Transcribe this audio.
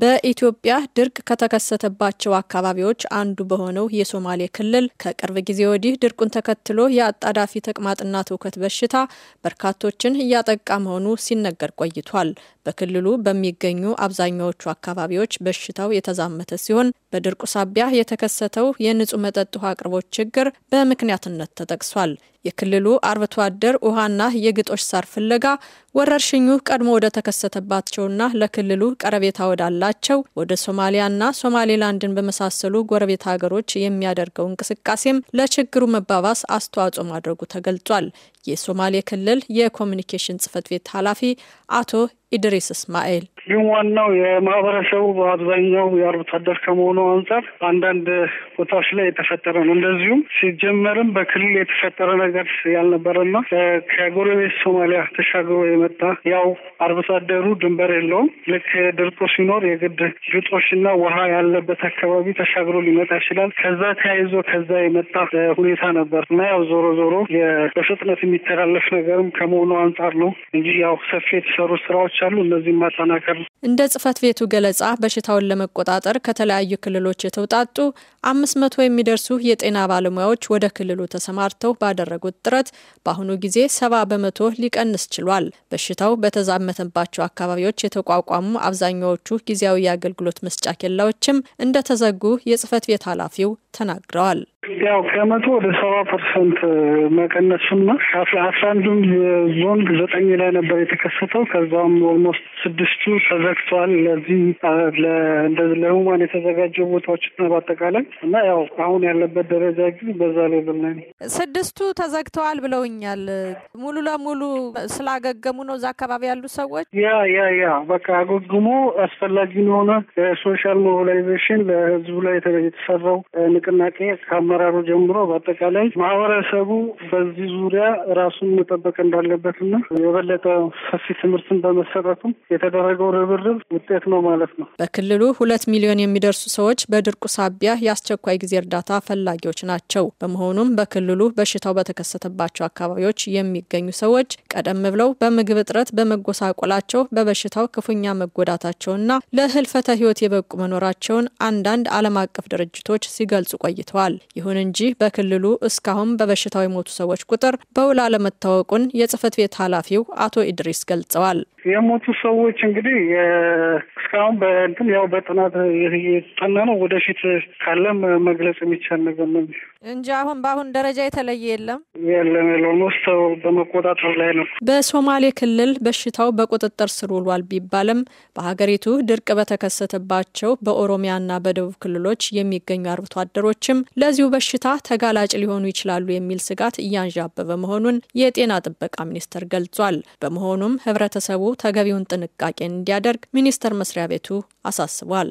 በኢትዮጵያ ድርቅ ከተከሰተባቸው አካባቢዎች አንዱ በሆነው የሶማሌ ክልል ከቅርብ ጊዜ ወዲህ ድርቁን ተከትሎ የአጣዳፊ ተቅማጥና ትውከት በሽታ በርካቶችን እያጠቃ መሆኑ ሲነገር ቆይቷል። በክልሉ በሚገኙ አብዛኛዎቹ አካባቢዎች በሽታው የተዛመተ ሲሆን በድርቁ ሳቢያ የተከሰተው የንጹህ መጠጥ ውሃ አቅርቦት ችግር በምክንያትነት ተጠቅሷል። የክልሉ አርብቶ አደር ውሃና የግጦሽ ሳር ፍለጋ ወረርሽኙ ቀድሞ ወደ ተከሰተባቸውና ለክልሉ ቀረቤታ ወዳላቸው ወደ ሶማሊያና ሶማሌላንድን በመሳሰሉ ጎረቤት ሀገሮች የሚያደርገው እንቅስቃሴም ለችግሩ መባባስ አስተዋጽኦ ማድረጉ ተገልጿል። የሶማሌ ክልል የኮሚኒኬሽን ጽህፈት ቤት ኃላፊ አቶ ኢድሪስ እስማኤል ግን ዋናው የማህበረሰቡ በአብዛኛው የአርብቶ አደር ከመሆኑ አንጻር አንዳንድ ቦታዎች ላይ የተፈጠረ ነው። እንደዚሁም ሲጀመርም በክልል የተፈጠረ ነገር ያልነበረና ከጎረቤት ሶማሊያ ተሻግሮ የመጣ ያው አርብቶ አደሩ ድንበር የለውም። ልክ ድርቆ ሲኖር የግድ ግጦሽና ውሃ ያለበት አካባቢ ተሻግሮ ሊመጣ ይችላል። ከዛ ተያይዞ ከዛ የመጣ ሁኔታ ነበር እና ያው ዞሮ ዞሮ በፍጥነት የሚተላለፍ ነገርም ከመሆኑ አንጻር ነው እንጂ ያው ሰፊ የተሰሩ ስራዎች አሉ። እነዚህም ማጠናከር እንደ ጽህፈት ቤቱ ገለጻ በሽታውን ለመቆጣጠር ከተለያዩ ክልሎች የተውጣጡ አምስት መቶ የሚደርሱ የጤና ባለሙያዎች ወደ ክልሉ ተሰማርተው ባደረጉት ጥረት በአሁኑ ጊዜ ሰባ በመቶ ሊቀንስ ችሏል። በሽታው በተዛመተባቸው አካባቢዎች የተቋቋሙ አብዛኛዎቹ ጊዜያዊ የአገልግሎት መስጫ ኬላዎችም እንደተዘጉ የጽህፈት ቤት ኃላፊው ተናግረዋል። ያው ከመቶ ወደ ሰባ ፐርሰንት መቀነሱና አስራ አንዱም ዞን ዘጠኝ ላይ ነበር የተከሰተው። ከዛም ኦልሞስት ስድስቱ ተዘግተዋል። ለዚህ ለሁማን የተዘጋጀ ቦታዎች በአጠቃላይ እና ያው አሁን ያለበት ደረጃ ግን በዛ ሌቭል ላይ ስድስቱ ተዘግተዋል ብለውኛል። ሙሉ ለሙሉ ስላገገሙ ነው እዛ አካባቢ ያሉ ሰዎች ያ ያ ያ በቃ አገግሞ አስፈላጊ የሆነ ሶሻል ሞቢላይዜሽን ለህዝቡ ላይ የተሰራው ንቅናቄ ከአመራሩ ጀምሮ በአጠቃላይ ማህበረሰቡ በዚህ ዙሪያ ራሱን መጠበቅ እንዳለበትና የበለጠ ሰፊ ትምህርትን በመሰረቱም የተደረገው ርብርብ ውጤት ነው ማለት ነው። በክልሉ ሁለት ሚሊዮን የሚደርሱ ሰዎች በድርቁ ሳቢያ የአስቸኳይ ጊዜ እርዳታ ፈላጊዎች ናቸው። በመሆኑም በክልሉ በሽታው በተከሰተባቸው አካባቢዎች የሚገኙ ሰዎች ቀደም ብለው በምግብ እጥረት በመጎሳቆላቸው በበሽታው ክፉኛ መጎዳታቸውና ለህልፈተ ህይወት የበቁ መኖራቸውን አንዳንድ ዓለም አቀፍ ድርጅቶች ሲገልጹ ቆይተዋል። ይሁን እንጂ በክልሉ እስካሁን በበሽታው የሞቱ ሰዎች ቁጥር በውል አለመታወቁን የጽህፈት ቤት ኃላፊው አቶ ኢድሪስ ገልጸዋል። የሞቱ ሰዎች እንግዲህ እስካሁን በእንትን ያው በጥናት የጠነ ነው። ወደፊት ካለም መግለጽ የሚቻል ነገር ነው እንጂ አሁን በአሁን ደረጃ የተለየ የለም የለም የለም ውስጥ በመቆጣጠር ላይ ነው። በሶማሌ ክልል በሽታው በቁጥጥር ስር ውሏል ቢባልም በሀገሪቱ ድርቅ በተከሰተባቸው በኦሮሚያና በደቡብ ክልሎች የሚገኙ አርብቶ አደሮችም ለዚሁ በሽታ ተጋላጭ ሊሆኑ ይችላሉ የሚል ስጋት እያንዣበበ መሆኑን የጤና ጥበቃ ሚኒስቴር ገልጿል። በመሆኑም ህብረተሰቡ ተገቢውን ጥንቃቄ እንዲያደርግ ሚኒስቴር መስሪያ ቤቱ አሳስቧል።